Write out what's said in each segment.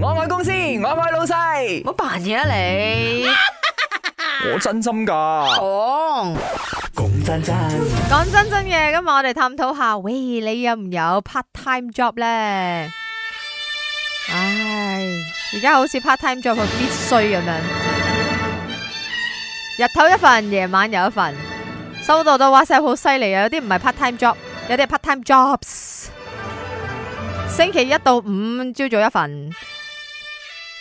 我愛公司，我愛老細。冇扮嘢啊你！ 我真心噶。講講、哦、說我 真真講真真嘅，今日我哋探討下，喂，你有唔有 part time job 咧？唉，而家好似 part time job 佢必須咁樣，日頭一份，夜晚有一份，收到到哇塞好犀利啊！有啲唔係 part time job，有啲係 part time jobs，星期一到五朝早一份。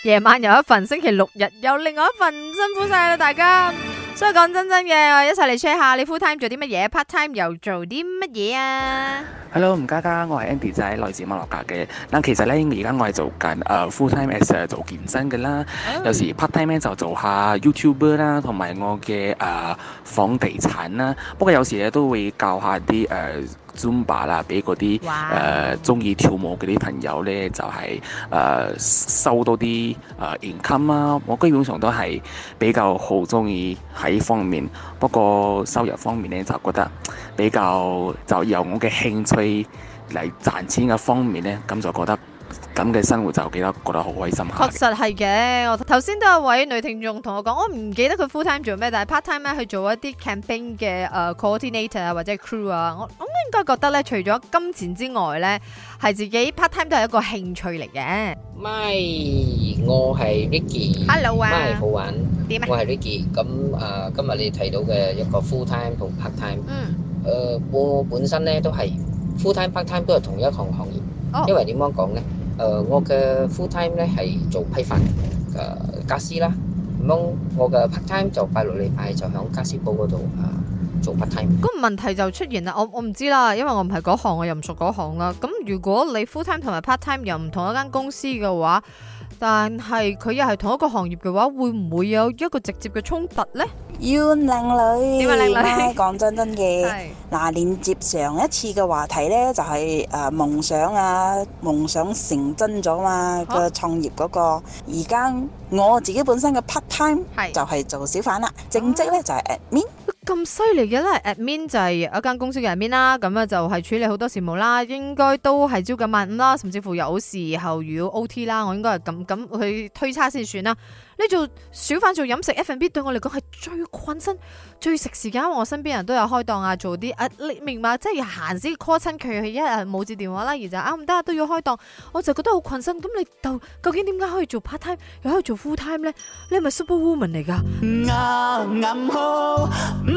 夜晚又一份，星期六日又另外一份，辛苦晒啦，大家。所以講真真嘅，我一齊嚟 check 下你 full time 做啲乜嘢，part time 又做啲乜嘢啊？Hello，唔家家，我係 Andy 仔，來自馬來西亞嘅。但其實咧，而家我係做緊 full time 係做健身噶啦，oh. 有時 part time 咧就做下 YouTuber 啦，同埋我嘅誒、呃、房地產啦。不過有時咧都會教一下啲誒。呃 Zumba 啦，俾嗰啲誒中意跳舞嗰啲朋友咧，就係、是、誒、呃、收多啲誒、呃、income 啦、啊。我基本上都係比較好中意喺方面。不過收入方面咧，就覺得比較就由我嘅興趣嚟賺錢嘅方面咧，咁就覺得咁嘅生活就幾得覺得好開心嚇。確實係嘅。我頭先都有位女聽眾同我講，我唔記得佢 full time 做咩，但係 part time 咧、啊、去做一啲 campaign 嘅誒、呃、coordinator 啊，或者 crew 啊，我我應該覺得咧，除咗金錢之外咧，係自己 part time 都係一個興趣嚟嘅。咪，我係 Ricky。Hello 啊，咪好玩。點啊？我係 Ricky。咁啊，今日你睇到嘅一個 full time 同 part time，嗯，誒，我本身咧都係 full time part time 都係同一行行業。哦。因為點樣講咧？誒，我嘅 full time 咧係做批發誒，家私啦。咁我嘅 part time 就第六禮拜就響家私鋪嗰度啊。做 part time，咁問題就出現啦。我我唔知啦，因為我唔係嗰行，我又唔熟嗰行啦。咁如果你 full time 同埋 part time 又唔同一間公司嘅話，但係佢又係同一個行業嘅話，會唔會有一個直接嘅衝突呢？要靚女點話靚女咧？講真真嘅，嗱 是，連接上一次嘅話題呢、就係，就係誒夢想啊，夢想成真咗嘛。個、啊、創業嗰、嗰個而家我自己本身嘅 part time 就係做小販啦，是正職呢、啊，就係 admin。咁犀利嘅咧，admin 就係一間公司嘅 admin 啦，咁啊就係處理好多事務啦，應該都係朝九晚五啦，甚至乎有時候要 OT 啦，我應該係咁咁去推測先算啦。你做小販做飲食 F&B 對我嚟講係最困身，最食時間。因為我身邊人都有開檔啊，做啲啊你明白，即係閒時 call 親佢，佢一日冇接電話啦，而且就啱唔得都要開檔，我就覺得好困身。咁你到究竟點解可以做 part time 又可以做 full time 咧？你係咪 super woman 嚟噶？嗯嗯嗯好嗯